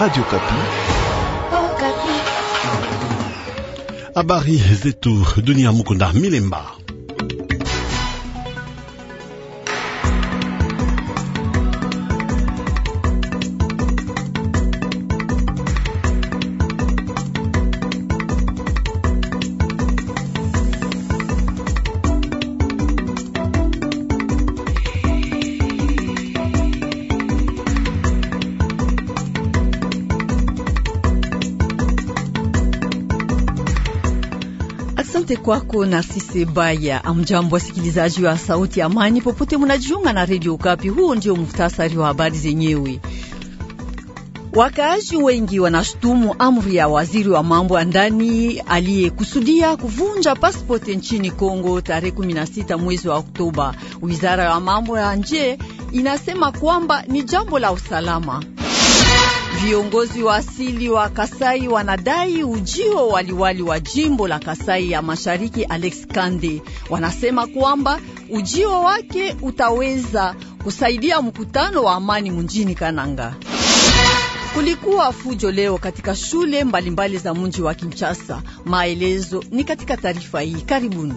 Radio oh, Kapi. Habari zetu dunia mukunda milemba Asante kwako na sisi baya. Amjambo wasikilizaji wa Sauti ya Amani popote munajiunga na Redio Ukapi. Huu ndio muhtasari wa habari zenyewe. Wakaaji wengi wanashutumu amri ya waziri wa mambo ya ndani aliyekusudia kuvunja pasipoti nchini Kongo tarehe 16 mwezi wa Oktoba. Wizara ya mambo ya nje inasema kwamba ni jambo la usalama. Viongozi wa asili wa Kasai wanadai ujio waliwali wa jimbo la Kasai ya Mashariki Alex Kande. Wanasema kwamba ujio wake utaweza kusaidia mkutano wa amani mjini Kananga. Kulikuwa fujo leo katika shule mbalimbali mbali za mji wa Kinshasa. Maelezo ni katika taarifa hii, karibuni.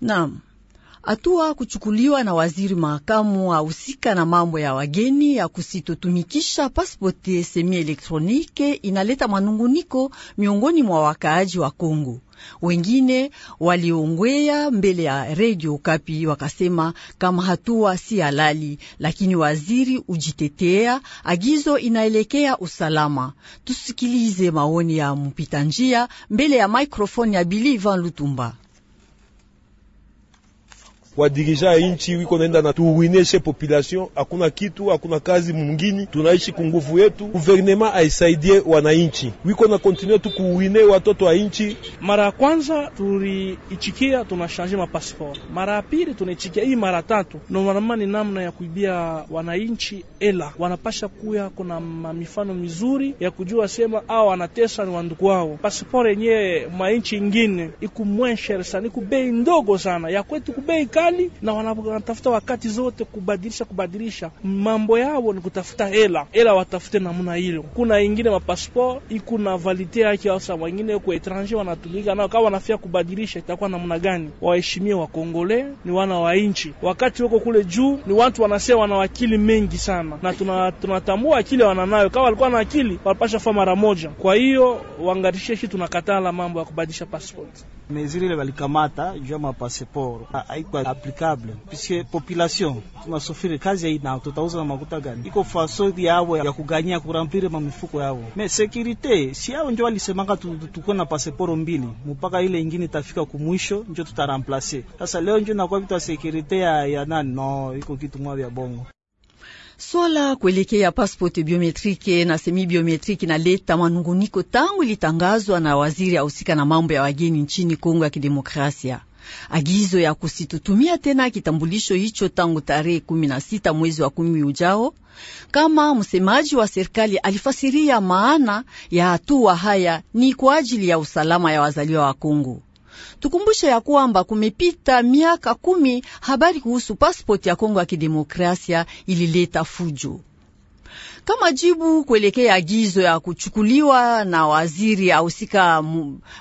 Naam. Hatua kuchukuliwa na waziri makamu ahusika na mambo ya wageni ya kusitotumikisha pasipoti semi elektronike inaleta manunguniko miongoni mwa wakaaji wa Kongo. Wengine waliongwea mbele ya redio Ukapi wakasema kama hatua si halali, lakini waziri ujitetea, agizo inaelekea usalama. Tusikilize maoni ya mpita njia mbele ya maikrofoni ya Bilivan Lutumba wadirija inchi wiko naenda na tuwineshe population, hakuna kitu, hakuna kazi mungini, tunaishi kunguvu yetu. Guvernema aisaidie wananchi, wiko na kontinue tu kuwine watoto wa inchi. Mara ya kwanza tuliichikia tunashanje mapasiport, mara ya pili tunaichikia hii, mara tatu nomanama, namna ya kuibia wananchi ela. Wanapasha kuya, kuna mifano mizuri ya kujua sema au wanatesa ni wandugu wao. Pasiport yenyewe mainchi ingine sana, iku bei ndogo sana ya kwetu kubei ka serikali na wanatafuta wakati zote kubadilisha kubadilisha mambo yao, ni kutafuta hela hela, watafute namna hilo. Kuna ingine mapasport iko na validite yake, hasa wengine kwa etranger wanatumika nao, kama wanafia kubadilisha itakuwa namna gani? Waheshimie Wakongole, ni wana wa nchi, wakati wako kule juu ni watu wanasema wana wakili mengi sana, na tunatambua tuna akili wananayo. Kama walikuwa na akili walipasha fa mara moja. Kwa hiyo wangarisheshi, tunakataa mambo ya kubadilisha passport mezile ile balikamata juu ya mapaseporo haikuwa applicable puisque population tunasufiri kazi aina tutauza na makuta gani, iko faso yao ya kuganyia kurampire mamifuko yao me securite si yao njo walisemaka tukue na passeport mbili mpaka ile ingine itafika kumwisho njo tutaramplace. Sasa leo njo nakuwa vitu ya securite ya, ya nani no iko kitu mwa vya bongo Swala kuelekea pasipoti biometrike na semi biometrike inaleta manunguniko tangu ilitangazwa na waziri ahusika na mambo ya wageni nchini Kongo ya Kidemokrasia, agizo ya kusitutumia tena kitambulisho hicho tangu tarehe 16 mwezi wa kumi ujao. Kama msemaji wa serikali alifasiria, maana ya hatua haya ni kwa ajili ya usalama ya wazaliwa wa Kongo. Tukumbushe ya kwamba kumepita miaka kumi, habari kuhusu pasipoti ya Kongo ya Kidemokrasia ilileta fujo kama jibu kuelekea agizo ya kuchukuliwa na waziri ahusika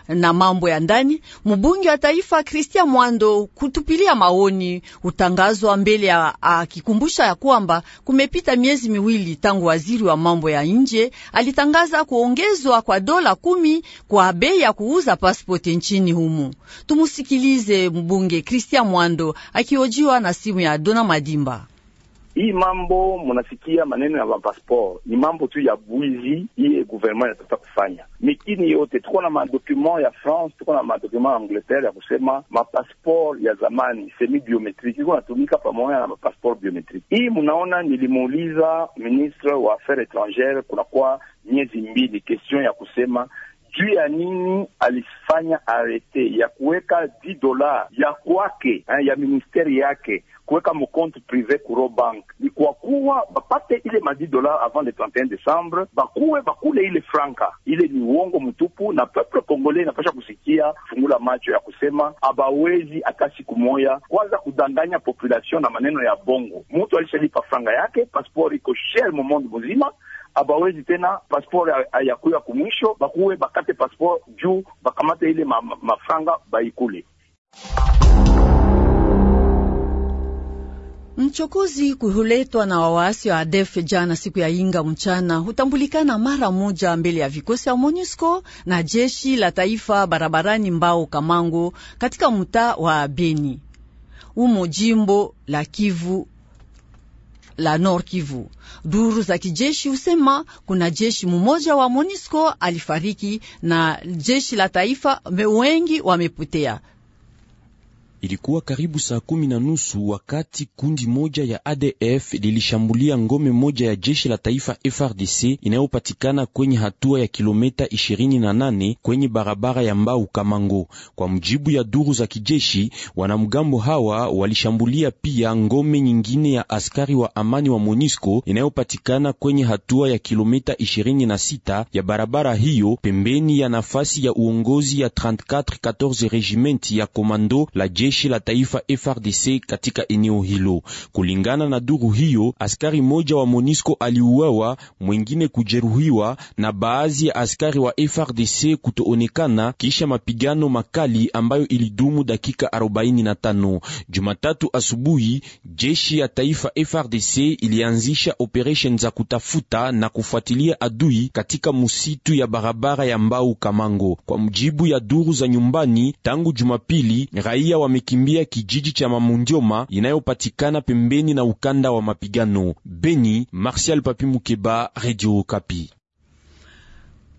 na mambo ya ndani. Mbunge wa taifa Christian Mwando kutupilia maoni utangazwa mbele akikumbusha ya, kwamba kumepita miezi miwili tangu waziri wa mambo ya nje alitangaza kuongezwa kwa dola kumi kwa bei ya kuuza pasipoti nchini humu. Tumusikilize mbunge Christian Mwando akiojiwa na simu ya Dona Madimba. Hii mambo mnasikia maneno ya mapasport ni mambo tu ya bwizi, iye guvernement inataka kufanya mikini yote. Tuko na madocument ya France, tuko na madocument ya Angleterre ya kusema mapasport ya zamani semi biometrique iko natumika pamoja na mapasport biometrique. Hii mnaona, nilimuuliza ministre wa affaires etrangere kunakuwa miezi mbili, question ya kusema juu ya nini alifanya arete ya kuweka 10 dola ya kwake ya ministeri yake kuweka mkonto prive kuro bank ni kwa kuwa bapate ile madi dola avant le 31 Desembre, bakuwe bakule ile franka ile. Ni uongo mtupu, na peuple congolais inapasha kusikia fungula macho ya kusema abawezi hata siku moya kwanza kudanganya population na maneno ya bongo. Mtu alishalipa franga yake, passport iko share mu monde mzima abawezi tena passport ayakuya kumwisho, bakuwe bakate passport juu bakamate ile ma, ma, mafranga baikule. Mchukuzi kuhuletwa na wawasi wa ADF jana siku ya inga mchana hutambulikana mara moja mbele ya vikosi ya MONUSCO na jeshi la taifa barabarani Mbao Kamango katika mtaa wa Beni umo jimbo la Kivu la Nord Kivu. Duru za kijeshi husema kuna jeshi mmoja wa MONUSCO alifariki na jeshi la taifa wengi wamepotea. Ilikuwa karibu saa kumi na nusu wakati kundi moja ya ADF lilishambulia ngome moja ya jeshi la taifa FRDC inayopatikana kwenye hatua ya kilometa 28 kwenye barabara ya Mbau Kamango. Kwa mujibu ya duru za kijeshi, wanamgambo hawa walishambulia pia ngome nyingine ya askari wa amani wa MONUSCO inayopatikana kwenye hatua ya kilometa 26 ya barabara hiyo pembeni ya nafasi ya uongozi ya 3414 regimenti ya komando la jeshi jeshi la taifa FRDC katika eneo hilo. Kulingana na duru hiyo, askari moja wa monisco aliuawa, mwingine kujeruhiwa na baadhi ya askari wa FRDC kutoonekana kisha mapigano makali ambayo ilidumu dakika 45. Jumatatu asubuhi, jeshi ya taifa FRDC ilianzisha operation za kutafuta na kufuatilia adui katika musitu ya barabara ya Mbau Kamango. Kwa mjibu ya duru za nyumbani, tangu Jumapili raia wame alikimbia kijiji cha Mamundioma inayopatikana pembeni na ukanda wa mapigano. Beni, Martial Papi Mukeba, Radio Kapi.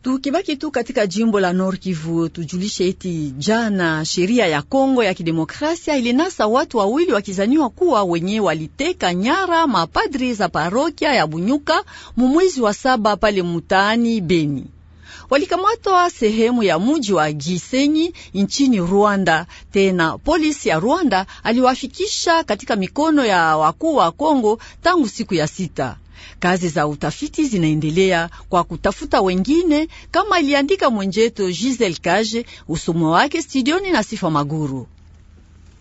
Tukibaki tu katika jimbo la Nord Kivu, tujulishe eti jana sheria ya Kongo ya Kidemokrasia ilinasa watu wawili wakizaniwa kuwa wenye waliteka nyara mapadri za parokia ya Bunyuka mumwezi wa saba pale mutaani Beni walikamatwa sehemu ya mji wa Gisenyi nchini Rwanda. Tena polisi ya Rwanda aliwafikisha katika mikono ya wakuu wa Kongo tangu siku ya sita. Kazi za utafiti zinaendelea kwa kutafuta wengine, kama aliandika mwenjeto Giselle Kaje. Usomo wake studioni na Sifa Maguru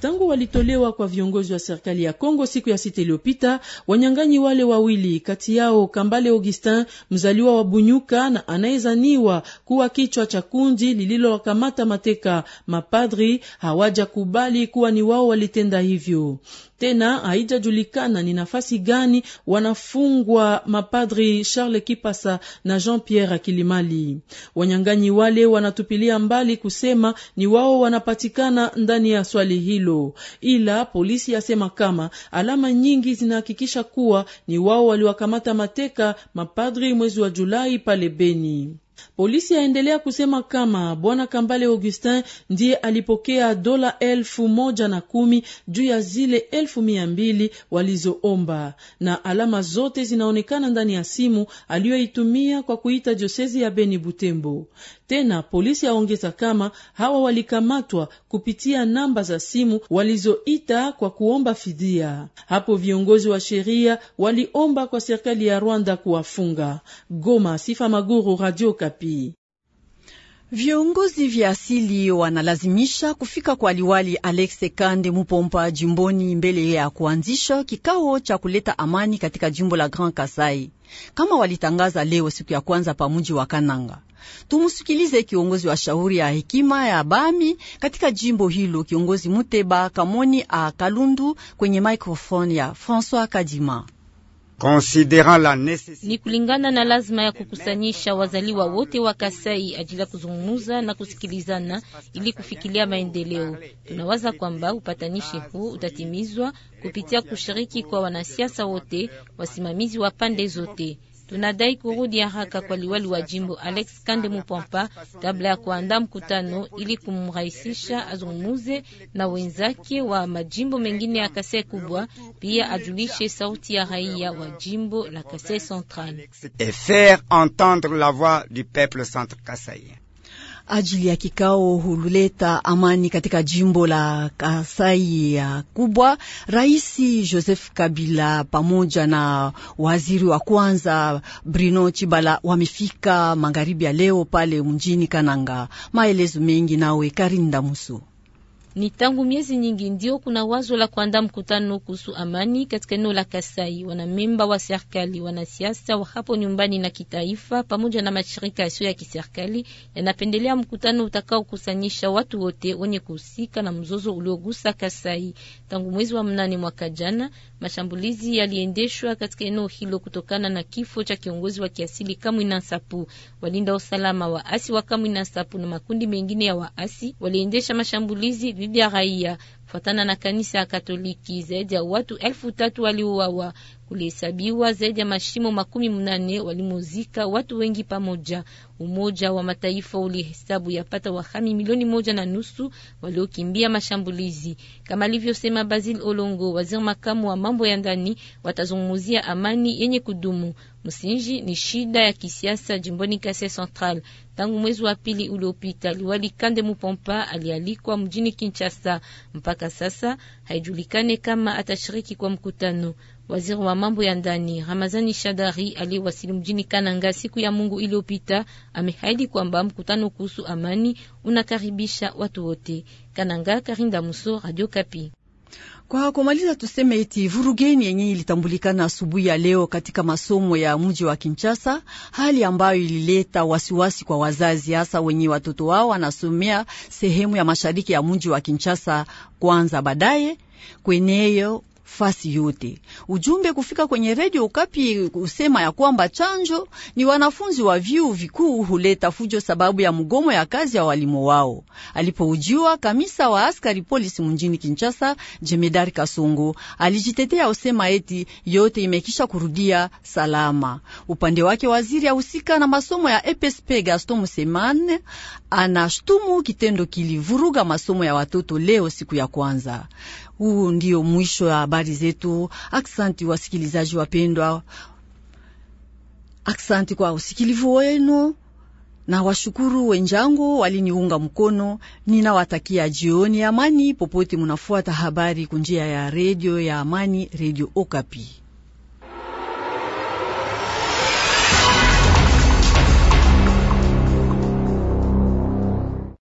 tangu walitolewa kwa viongozi wa serikali ya Kongo siku ya sita iliyopita, wanyang'anyi wale wawili, kati yao Kambale Augustin, mzaliwa wa Bunyuka na anayezaniwa kuwa kichwa cha kundi lililowakamata mateka mapadri, hawajakubali kuwa ni wao walitenda hivyo. Tena haijajulikana ni nafasi gani wanafungwa mapadri Charles Kipasa na Jean Pierre Akilimali. Wanyang'anyi wale wanatupilia mbali kusema ni wao wanapatikana ndani ya swali hilo, ila polisi yasema kama alama nyingi zinahakikisha kuwa ni wao waliwakamata mateka mapadri mwezi wa Julai pale Beni. Polisi yaendelea kusema kama bwana Kambale Augustin ndiye alipokea dola elfu moja na kumi juu ya zile elfu mia mbili walizoomba, na alama zote zinaonekana ndani ya simu aliyoitumia kwa kuita diosezi ya Beni Butembo. Tena polisi aongeza kama hawa walikamatwa kupitia namba za simu walizoita kwa kuomba fidia. Hapo viongozi wa sheria waliomba kwa serikali ya Rwanda kuwafunga. Goma, Sifa Maguru, Radio Kapi. Viongozi vya asili wanalazimisha kufika kwa liwali Alexe Kande Mupompa jimboni mbele ya kuanzisha kikao cha kuleta amani katika jimbo la Grand Kasai, kama walitangaza leo siku ya kwanza pamuji wa Kananga. Tumusikilize kiongozi wa shauri ya hekima ya Bami katika jimbo hilo, kiongozi Muteba Kamoni a Kalundu kwenye microphone ya François Kadima. Ni kulingana na lazima ya kukusanyisha wazaliwa wote wa Kasai ajili ya kuzungumuza na kusikilizana ili kufikilia maendeleo. Tunawaza kwamba upatanishi huu utatimizwa kupitia kushiriki kwa wanasiasa wote, wasimamizi wa pande zote. Tunadai kurudi haraka kwa liwali wa jimbo Alex Kande Mupompa kabla ya kuandaa mkutano ili kumrahisisha azungumuze na wenzake wa majimbo mengine ya Kasai kubwa, pia ajulishe sauti ya raia wa jimbo la Kasai Central. Et faire entendre la voix du peuple centre kasaien ajili ya kikao hululeta amani katika jimbo la Kasai ya kubwa. Rais Joseph Kabila pamoja na waziri wa kwanza Bruno Chibala wamefika magharibi ya leo pale mjini Kananga. Maelezo mengi nawe Karinda Muso. Ni tangu miezi nyingi ndio kuna wazo la kuandaa mkutano kuhusu amani katika eneo la Kasai. Wanamemba wa serikali, wanasiasa wa hapo nyumbani na kitaifa, pamoja na mashirika yasiyo ya kiserikali yanapendelea mkutano utakaokusanyisha watu wote wenye kuhusika na mzozo uliogusa Kasai. Tangu mwezi wa mnane mwaka jana, mashambulizi yaliendeshwa katika eneo hilo kutokana na kifo cha kiongozi wa kiasili Kamwina Nsapu. Walinda usalama waasi wa Kamwina Nsapu na makundi mengine ya waasi waliendesha mashambulizi dhidi ya raia kufuatana na kanisa ya Katoliki. Zaidi ya watu elfu tatu waliuawa kulihesabiwa zaidi ya mashimo makumi mnane walimozika watu wengi pamoja. Umoja wa Mataifa ulihesabu yapata wahami milioni moja na nusu waliokimbia mashambulizi. Kama alivyosema Basil Olongo, waziri makamu wa mambo ya ndani, watazungumzia amani yenye kudumu. Msingi ni shida ya kisiasa jimboni Kasai Central. Tangu mwezi wa pili uliopita, liwali Kande Mupompa alialikwa mjini Kinshasa. Mpaka sasa haijulikane kama atashiriki kwa mkutano. Waziri wa mambo ya ndani Ramazani Shadari aliyewasili mjini Kananga siku ya Mungu iliyopita amehaidi kwamba mkutano kuhusu amani unakaribisha watu wote. Kananga, Karinda Muso, Radio Kapi. Kwa kumaliza tuseme eti vurugeni yenye ilitambulikana asubuhi ya leo katika masomo ya mji wa Kinshasa, hali ambayo ilileta wasiwasi kwa wazazi, hasa wenye watoto wao wanasomea sehemu ya mashariki ya mji wa Kinshasa kwanza, baadaye kweneyo fasi yote. Ujumbe kufika kwenye redio Ukapi kusema ya kwamba chanjo ni wanafunzi wa vyuo vikuu huleta fujo sababu ya mgomo ya kazi ya walimu wao. Alipoujiwa kamisa wa askari polisi mjini Kinshasa, jemedari Kasongo alijitetea usema eti yote imekisha kurudia salama. Upande wake waziri ahusika na masomo ya EPSP Gaston Musemane anashtumu kitendo kilivuruga masomo ya watoto leo siku ya kwanza. Huu ndio mwisho wa habari zetu. Aksanti wasikilizaji wapendwa, aksanti kwa usikilivu wenu na washukuru wenjangu waliniunga mkono. Ninawatakia jioni amani popote munafuata habari kunjia ya redio ya Amani, Redio Okapi.